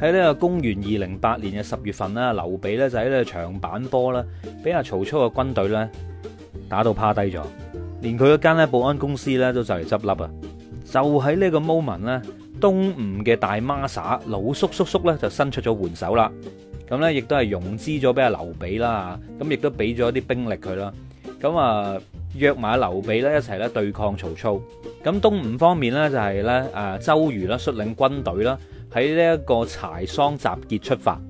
喺呢個公元二零八年嘅十月份啦，劉備咧，就喺呢個長板坡啦，俾阿曹操嘅軍隊咧打到趴低咗，連佢嗰間咧保安公司咧都就嚟執笠啊！就喺呢個 moment 咧，東吳嘅大孖沙老叔叔叔咧就伸出咗援手啦，咁咧亦都係融資咗俾阿劉備啦，咁亦都俾咗啲兵力佢啦，咁啊約埋劉備咧一齊咧對抗曹操。咁東吳方面咧就係咧誒周瑜啦，率領軍隊啦。喺呢一個柴桑集結出發，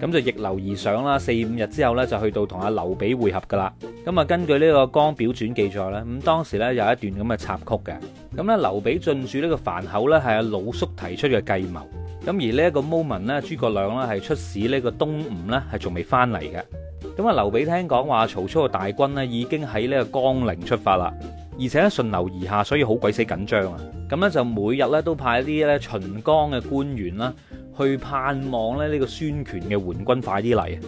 咁就逆流而上啦。四五日之後呢，就去到同阿劉備會合噶啦。咁啊，根據呢個《江表傳》記載呢，咁當時呢有一段咁嘅插曲嘅。咁咧，劉備進駐呢個樊口呢，係阿魯肅提出嘅計謀。咁而呢一個 moment 呢，諸葛亮呢係出使呢個東吳呢，係仲未翻嚟嘅。咁啊，劉備聽講話曹操嘅大軍呢已經喺呢個江陵出發啦。而且咧順流而下，所以好鬼死緊張啊！咁咧就每日咧都派啲咧巡江嘅官員啦，去盼望咧呢個孫權嘅援軍快啲嚟啊。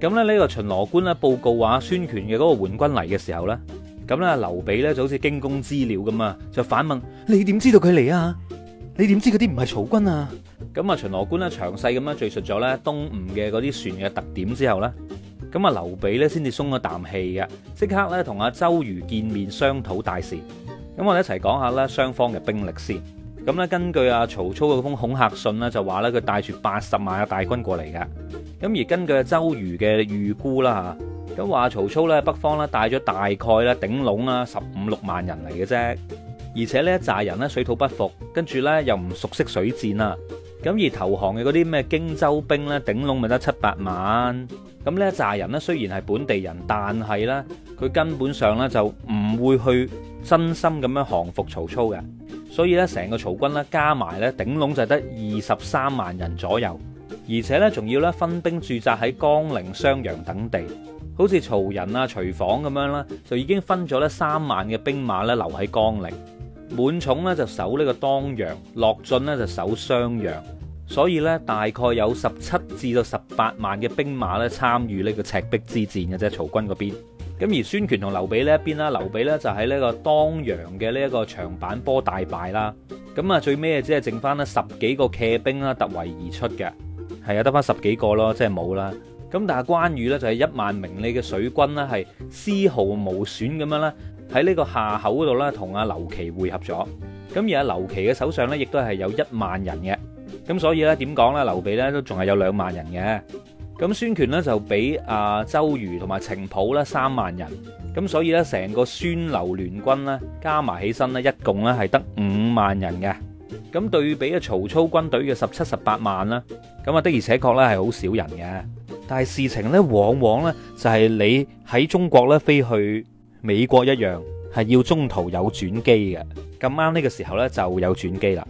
咁咧呢個巡邏官咧報告話孫權嘅嗰個援軍嚟嘅時候咧，咁咧劉備咧就好似驚弓之鳥咁啊，就反問：你點知道佢嚟啊？你點知嗰啲唔係曹軍啊？咁啊巡邏官咧詳細咁樣敘述咗咧東吳嘅嗰啲船嘅特點之後咧。咁啊！劉備咧先至鬆咗啖氣嘅，即刻咧同啊周瑜見面商討大事。咁我哋一齊講下啦，雙方嘅兵力先。咁咧根據啊曹操嗰封恐吓信咧就話咧佢帶住八十萬嘅大軍過嚟嘅。咁而根據周瑜嘅預估啦吓，咁話曹操咧北方咧帶咗大概咧頂籠啊十五六萬人嚟嘅啫。而且呢一紮人咧水土不服，跟住咧又唔熟悉水戰啊。咁而投降嘅嗰啲咩荊州兵咧頂籠咪得七八萬。咁呢一扎人呢，雖然係本地人，但係呢，佢根本上呢就唔會去真心咁樣降服曹操嘅。所以呢，成個曹軍呢加埋呢，頂籠就得二十三萬人左右，而且呢，仲要呢分兵駐紮喺江陵、襄陽等地。好似曹仁啊、徐晃咁樣啦，就已經分咗呢三萬嘅兵馬呢留喺江陵，滿寵呢就守呢個當陽，樂進呢就守襄陽。所以呢，大概有十七至到十八萬嘅兵馬咧參與呢個赤壁之戰嘅啫，曹軍嗰邊。咁而孫權同劉備呢一邊啦，劉備呢，呢就喺呢個當陽嘅呢一個長板坡大敗啦。咁啊，最尾只係剩翻咧十幾個騎兵啦突圍而出嘅，係啊得翻十幾個咯，即係冇啦。咁但係關羽呢，就係、是、一萬名你嘅水軍啦，係絲毫無損咁樣啦。喺呢個夏口嗰度啦，同阿劉琦匯合咗。咁而阿劉琦嘅手上呢，亦都係有一萬人嘅。咁所以呢，點講呢？劉備呢都仲係有兩萬人嘅。咁孫權呢就俾阿周瑜同埋程普呢三萬人。咁所以呢，成個孫劉聯軍呢加埋起身呢，一共呢係得五萬人嘅。咁對比啊，曹操軍隊嘅十七十八萬啦，咁啊的而且確呢係好少人嘅。但係事情呢，往往呢就係你喺中國呢飛去美國一樣，係要中途有轉機嘅。咁啱呢個時候呢就有轉機啦。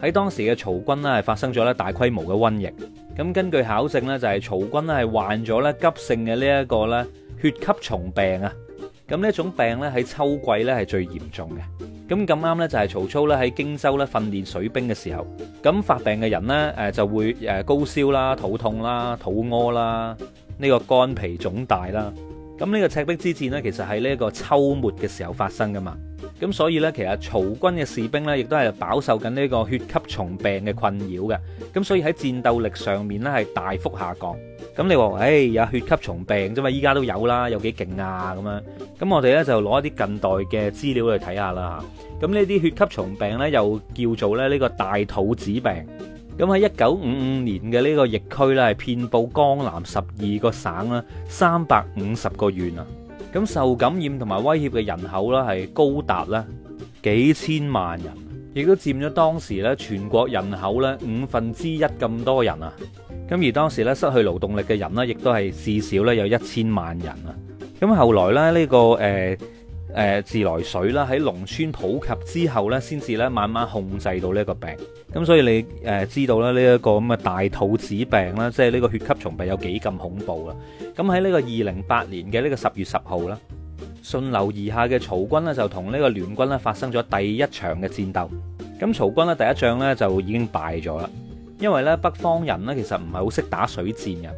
喺當時嘅曹軍啦，係發生咗咧大規模嘅瘟疫。咁根據考證咧，就係曹軍咧係患咗咧急性嘅呢一個咧血吸蟲病啊。咁呢一種病咧喺秋季咧係最嚴重嘅。咁咁啱咧就係曹操咧喺荊州咧訓練水兵嘅時候，咁發病嘅人咧誒就會誒高燒啦、肚痛啦、肚屙啦，呢個肝脾腫大啦。咁、這、呢個赤壁之戰呢，其實喺呢個秋末嘅時候發生噶嘛。咁所以呢，其實曹軍嘅士兵呢，亦都係飽受緊呢個血吸蟲病嘅困擾嘅。咁所以喺戰鬥力上面呢，係大幅下降。咁你話，唉，有血吸蟲病啫嘛，依家都有啦，有幾勁啊？咁樣。咁我哋呢，就攞一啲近代嘅資料去睇下啦。咁呢啲血吸蟲病呢，又叫做咧呢個大肚子病。咁喺一九五五年嘅呢個疫區呢，係遍佈江南十二個省啦，三百五十個縣啊。咁受感染同埋威脅嘅人口啦，係高達咧幾千萬人，亦都佔咗當時咧全國人口咧五分之一咁多人啊！咁而當時咧失去勞動力嘅人呢，亦都係至少咧有一千萬人啊！咁後來咧呢個誒。誒，自來水啦，喺農村普及之後咧，先至咧慢慢控制到呢一個病。咁、嗯、所以你誒知道咧呢一個咁嘅大肚子病啦，即係呢個血吸蟲病有幾咁恐怖啦。咁喺呢個二零八年嘅呢個十月十號啦，順流而下嘅曹軍咧就同呢個聯軍咧發生咗第一場嘅戰鬥。咁、嗯、曹軍咧第一仗呢，就已經敗咗啦，因為呢北方人咧其實唔係好識打水戰嘅。咁、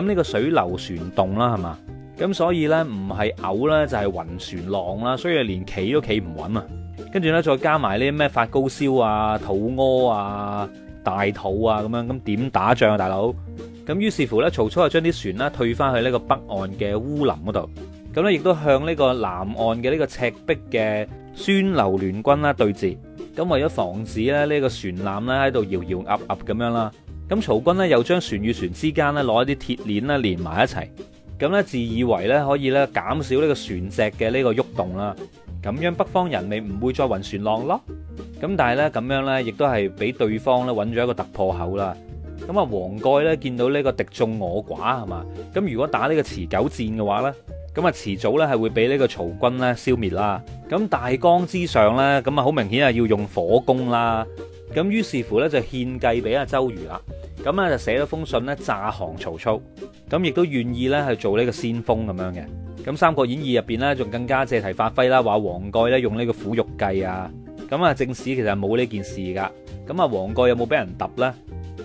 嗯、呢、呢個水流旋動啦，係嘛？咁所以呢，唔係嘔咧，就係暈船浪啦，所以連企都企唔穩啊！跟住呢，再加埋啲咩發高燒啊、肚屙啊、大肚啊咁樣，咁點打仗啊，大佬？咁於是乎呢，曹操啊將啲船咧退翻去呢個北岸嘅烏林嗰度，咁呢，亦都向呢個南岸嘅呢個赤壁嘅孫劉聯軍啦對峙。咁為咗防止咧呢個船艦呢喺度搖搖揦揦咁樣啦，咁曹軍呢又將船與船之間呢攞一啲鐵鏈呢連埋一齊。咁咧自以為咧可以咧減少呢個船隻嘅呢個喐動啦，咁樣北方人咪唔會再暈船浪咯。咁但係咧咁樣咧，亦都係俾對方咧揾咗一個突破口啦。咁啊，黃蓋咧見到呢個敵眾我寡係嘛，咁如果打呢個持久戰嘅話咧，咁啊遲早咧係會俾呢個曹軍咧消滅啦。咁大江之上咧，咁啊好明顯係要用火攻啦。咁於是乎咧就獻計俾阿周瑜啦。咁咧就寫咗封信咧詐降曹操，咁亦都願意咧去做呢個先鋒咁樣嘅。咁《三國演義》入邊咧仲更加借題發揮啦，話黃蓋咧用呢個苦肉計啊。咁啊正史其實冇呢件事噶。咁啊黃蓋有冇俾人揼咧？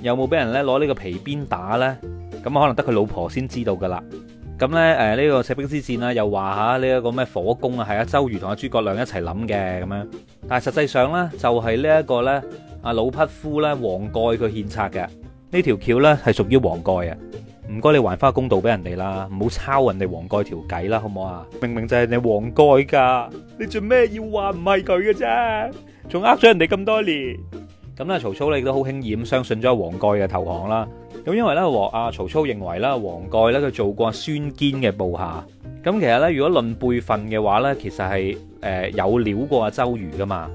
有冇俾人咧攞呢個皮鞭打咧？咁可能得佢老婆先知道噶啦。咁咧誒呢個赤壁之戰啦，又話嚇呢一個咩火攻啊，係啊周瑜同啊諸葛亮一齊諗嘅咁樣。但係實際上咧就係呢一個咧啊老匹夫咧黃蓋佢獻策嘅。呢條橋呢係屬於黃蓋啊！唔該，你還翻公道俾人哋啦，唔好抄人哋黃蓋條計啦，好唔好啊？明明就係你黃蓋噶，你做咩要話唔係佢嘅啫？仲呃咗人哋咁多年，咁咧、嗯、曹操咧亦都好輕易咁相信咗黃蓋嘅投降啦。咁、嗯、因為呢，黃啊曹操認為咧黃蓋呢佢做過孫堅嘅部下，咁、嗯、其實呢，如果論輩分嘅話呢，其實係誒、呃、有料過阿周瑜噶嘛。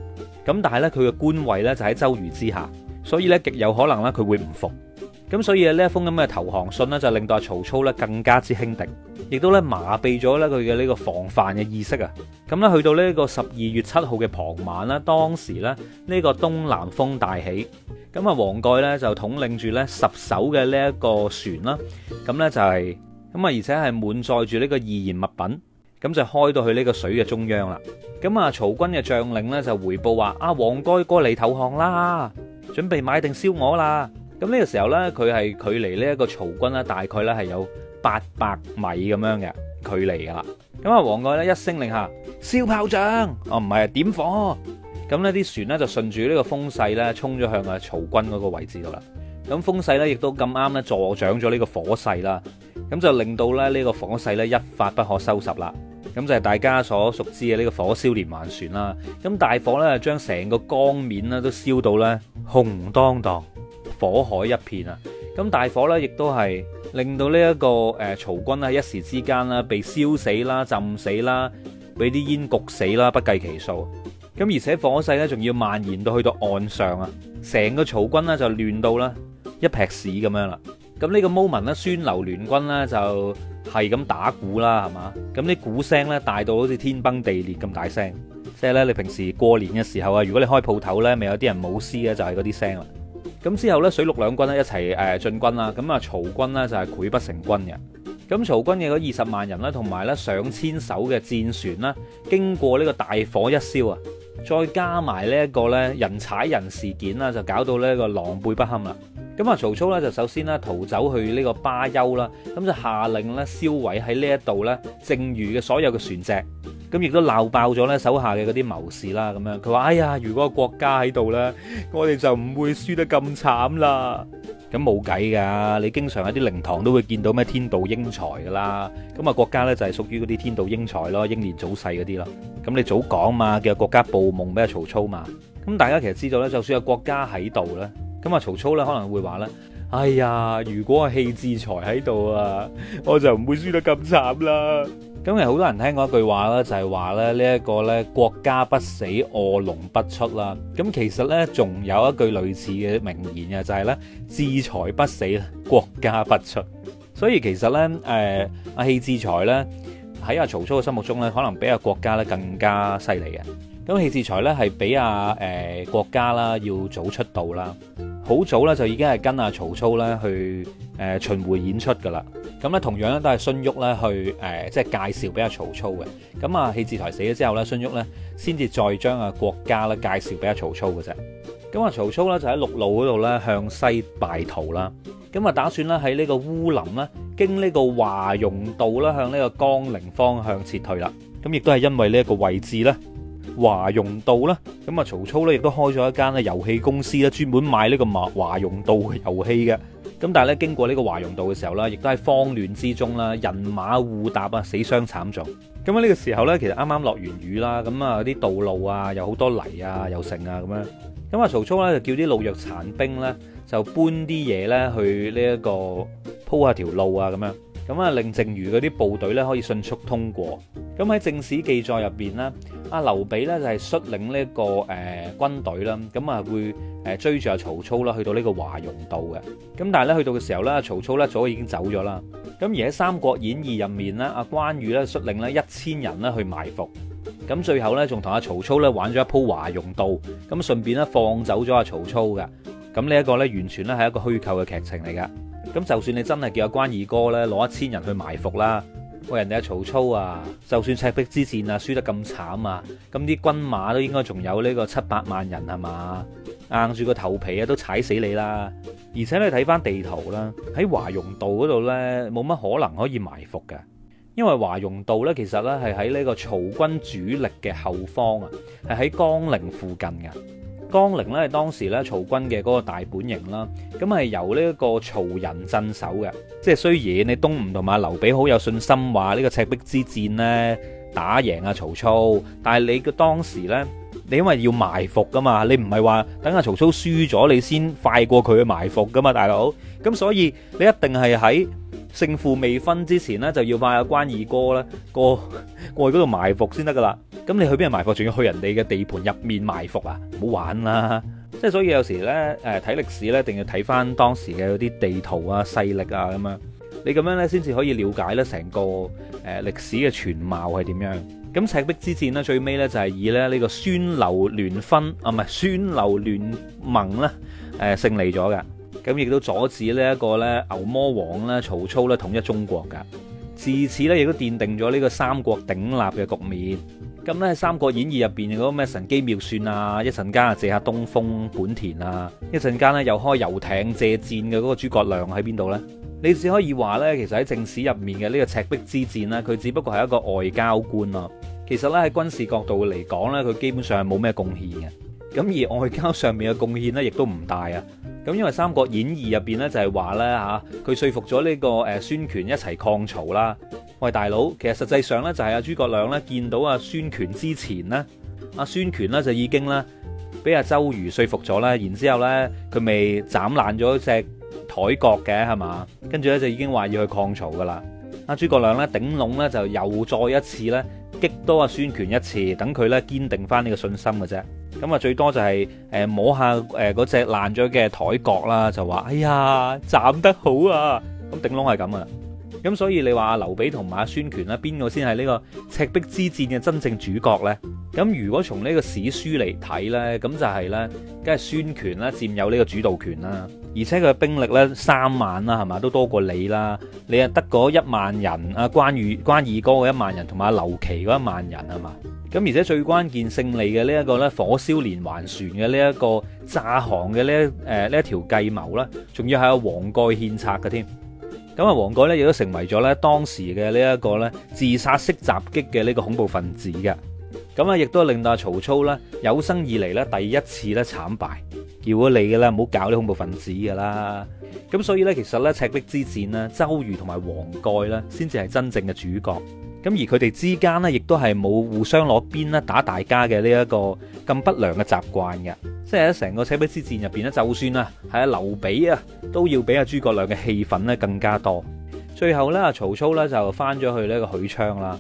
咁、嗯、但係呢，佢嘅官位呢就喺、是、周瑜之下，所以呢，極有可能呢，佢會唔服。咁所以呢一封咁嘅投降信呢，就令到阿曹操呢更加之輕敵，亦都呢麻痹咗呢佢嘅呢個防範嘅意識啊。咁呢去到呢個十二月七號嘅傍晚啦，當時呢，呢個東南風大起，咁啊黃蓋呢，就統領住呢十艘嘅呢一個船啦，咁呢就係咁啊，而且係滿載住呢個易燃物品，咁就開到去呢個水嘅中央啦。咁啊曹軍嘅將領呢，就回報話：啊黃蓋過嚟投降啦，準備買定燒鵝啦。咁呢個時候呢，佢係距離呢一個曹軍咧，大概咧係有八百米咁樣嘅距離噶啦。咁啊，黃蓋咧一聲令下，燒炮仗哦，唔係啊，點火，咁呢啲船呢，就順住呢個風勢呢，衝咗向啊曹軍嗰個位置度啦。咁風勢呢，亦都咁啱呢，助長咗呢個火勢啦，咁就令到咧呢個火勢呢，一發不可收拾啦。咁就係大家所熟知嘅呢個火燒連環船啦。咁大火咧將成個江面咧都燒到呢，紅噹噹。火海一片啊！咁大火咧，亦都係令到、這個呃、呢一個誒曹軍咧，一時之間啦，被燒死啦、浸死啦、俾啲煙焗死啦，不計其數。咁而且火勢咧，仲要蔓延到去到岸上啊！成個曹軍呢就亂到啦，一劈屎咁樣啦。咁呢個 moment 呢，孫劉聯軍呢就係咁打鼓啦，係嘛？咁啲鼓聲咧大到好似天崩地裂咁大聲，即係咧你平時過年嘅時候啊，如果你開鋪頭咧，咪有啲人舞獅嘅，就係嗰啲聲啦。咁之後呢，水陸兩軍呢一齊誒進軍啦，咁啊曹軍呢，就係潰不成軍嘅。咁曹軍嘅二十萬人呢，同埋呢上千艘嘅戰船啦，經過呢個大火一燒啊，再加埋呢一個呢人踩人事件啦，就搞到呢個狼狽不堪啦。咁啊，曹操呢，就首先呢逃走去呢個巴丘啦，咁就下令呢燒毀喺呢一度呢，剩餘嘅所有嘅船隻。咁亦都鬧爆咗咧，手下嘅嗰啲謀士啦，咁樣佢話：哎呀，如果個郭嘉喺度咧，我哋就唔會輸得咁慘啦。咁冇計㗎，你經常喺啲靈堂都會見到咩天妒英才㗎啦。咁啊郭嘉咧就係屬於嗰啲天妒英才咯，英年早逝嗰啲咯。咁你早講嘛，叫郭嘉報夢咩？曹操嘛。咁大家其實知道咧，就算有郭嘉喺度咧，咁啊曹操咧可能會話咧：哎呀，如果個戲志才喺度啊，我就唔會輸得咁慘啦。今日好多人聽過一句話啦，就係話咧，呢一個咧，郭嘉不死臥龍不出啦。咁其實咧仲有一句類似嘅名言嘅，就係咧，志才不死郭嘉不出。所以其實咧誒阿戲志才咧喺阿曹操嘅心目中咧可能比阿郭嘉咧更加犀利嘅。咁戲志才咧係比阿，啊，誒、呃、郭嘉啦要早出道啦。好早咧就已經係跟阿曹操咧去誒巡迴演出㗎啦，咁咧同樣咧都係孫旭咧去誒、呃、即係介紹俾阿曹操嘅，咁啊戲志才死咗之後咧，孫旭咧先至再將阿郭嘉咧介紹俾阿曹操嘅啫，咁啊曹操咧就喺陸路嗰度咧向西敗逃啦，咁啊打算咧喺呢個烏林咧經呢個華容道啦向呢個江陵方向撤退啦，咁亦都係因為呢一個位置咧。華容道啦，咁啊曹操咧亦都開咗一間咧遊戲公司啦，專門賣呢個麻華容道嘅遊戲嘅。咁但係咧經過呢個華容道嘅時候啦，亦都喺慌亂之中啦，人馬互踏啊，死傷慘重。咁喺呢個時候咧，其實啱啱落完雨啦，咁啊啲道路啊有好多泥啊又剩啊咁樣。咁、嗯、啊曹操咧就叫啲老弱殘兵咧就搬啲嘢咧去呢一個鋪下條路啊咁樣。咁啊，令剩餘嗰啲部隊咧可以迅速通過。咁喺正史記載入邊呢，阿劉備呢，就係率領呢、呢個誒、呃、軍隊啦，咁啊會誒追住阿曹操啦，去到呢個華容道嘅。咁但係咧去到嘅時候咧，曹操咧早已經走咗啦。咁而喺《三國演義》入面咧，阿關羽咧率領咧一千人咧去埋伏，咁最後咧仲同阿曹操咧玩咗一鋪華容道，咁順便咧放走咗阿曹操嘅。咁、這、呢、個、一個咧完全咧係一個虛構嘅劇情嚟噶。咁就算你真係叫阿關二哥呢，攞一千人去埋伏啦，喂、哦、人哋阿曹操啊，就算赤壁之戰啊輸得咁慘啊，咁啲軍馬都應該仲有呢個七八萬人係嘛，硬住個頭皮啊都踩死你啦！而且你睇翻地圖啦，喺華容道嗰度呢，冇乜可能可以埋伏嘅，因為華容道呢，其實呢，係喺呢個曹軍主力嘅後方啊，係喺江陵附近嘅。江陵咧係當時咧曹軍嘅嗰個大本營啦，咁係由呢一個曹仁鎮守嘅。即係雖然你東吳同埋劉備好有信心話呢個赤壁之戰呢打贏阿曹操，但係你嘅當時咧，你因為要埋伏噶嘛，你唔係話等阿曹操輸咗你先快過佢去埋伏噶嘛，大佬。咁所以你一定係喺勝負未分之前呢，就要派阿關二哥啦過過去嗰度埋伏先得噶啦。咁你去邊埋伏，仲要去人哋嘅地盤入面埋伏啊？唔好玩啦！即 係所以有時呢，誒睇歷史咧，一定要睇翻當時嘅嗰啲地圖啊、勢力啊咁樣。你咁樣呢，先至可以了解呢成個誒、呃、歷史嘅全貌係點樣。咁赤壁之戰呢，最尾呢就係、係、以咧呢、呢個孫劉聯婚，啊，唔係孫劉聯盟啦，誒、呃、勝利咗嘅。咁亦都阻止呢一個咧牛魔王咧曹操咧統一中國㗎。自此呢，亦都奠定咗呢個三國鼎立嘅局面。咁咧《三國演義》入邊嗰個咩神機妙算啊，一陣間啊借下東風本田啊，一陣間咧又開遊艇借箭嘅嗰個諸葛亮喺邊度呢？你只可以話呢，其實喺正史入面嘅呢個赤壁之戰咧，佢只不過係一個外交官啊。其實咧喺軍事角度嚟講呢，佢基本上係冇咩貢獻嘅。咁而外交上面嘅貢獻呢，亦都唔大啊。咁因為《三國演義》入邊呢，就係話呢，吓，佢說服咗呢個誒孫權一齊抗曹啦。喂，大佬，其實實際上咧就係阿諸葛亮咧見到阿孫權之前咧，阿孫權咧就已經咧俾阿周瑜說服咗啦，然之後咧佢未斬爛咗一隻台角嘅係嘛，跟住咧就已經話要去抗曹噶啦。阿諸葛亮咧頂籠咧就又再一次咧激多阿孫權一次，等佢咧堅定翻呢個信心嘅啫。咁啊最多就係誒摸下誒嗰隻爛咗嘅台角啦，就話哎呀斬得好啊，咁頂籠係咁啊。咁、嗯、所以你話阿劉備同埋阿孫權咧，邊個先係呢個赤壁之戰嘅真正主角呢？咁、嗯、如果從呢個史書嚟睇呢，咁就係、是、呢，梗係孫權啦，佔有呢個主導權啦，而且佢兵力呢，三萬啦，係嘛都多過你啦，你啊得嗰一萬人，阿關羽關二哥嘅一萬人，同埋阿劉琦嗰一萬人係嘛，咁、嗯、而且最關鍵勝利嘅呢一個呢火燒連環船嘅呢一個詐降嘅、呃、呢誒呢一條計謀啦，仲要係黃蓋獻策嘅添。咁啊，黃蓋咧亦都成為咗咧當時嘅呢一個咧自殺式襲擊嘅呢個恐怖分子嘅，咁啊亦都令到阿曹操咧有生以嚟咧第一次咧慘敗，叫咗你嘅啦，唔好搞啲恐怖分子噶啦，咁所以咧其實咧赤壁之戰呢，周瑜同埋黃蓋咧先至係真正嘅主角。咁而佢哋之間咧，亦都係冇互相攞鞭咧打大家嘅呢一個咁不良嘅習慣嘅。即係喺成個赤壁之戰入邊咧，就算啦，係啊，劉備啊都要比阿諸葛亮嘅戲份咧更加多。最後呢，曹操呢就翻咗去呢個許昌啦。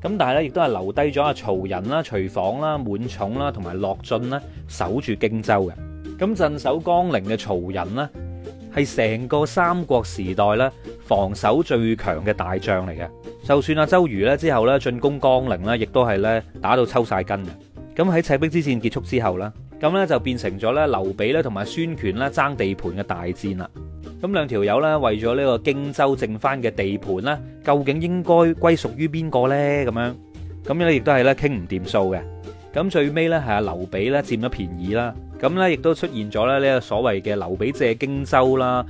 咁但係呢，亦都係留低咗阿曹仁啦、徐晃啦、滿寵啦同埋樂進啦守住荊州嘅。咁鎮守江陵嘅曹仁呢，係成個三國時代咧防守最強嘅大將嚟嘅，就算阿周瑜咧之後咧進攻江陵咧，亦都係咧打到抽晒筋嘅。咁喺赤壁之戰結束之後啦，咁咧就變成咗咧劉備咧同埋孫權咧爭地盤嘅大戰啦。咁兩條友啦為咗呢個荊州剩翻嘅地盤啦，究竟應該歸屬於邊個呢？咁樣咁樣咧亦都係咧傾唔掂數嘅。咁最尾呢，係阿劉備咧佔咗便宜啦。咁咧，亦都出現咗咧呢個所謂嘅劉備借荊州啦，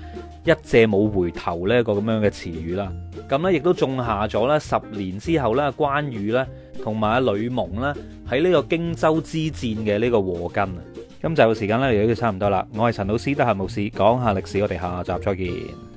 一借冇回頭呢個咁樣嘅詞語啦。咁咧，亦都種下咗咧十年之後咧，關羽咧同埋啊呂蒙啦喺呢個荊州之戰嘅呢個禍根啊。今集嘅時間咧，亦都差唔多啦。我係陳老師，得閒無事講下歷史，我哋下集再見。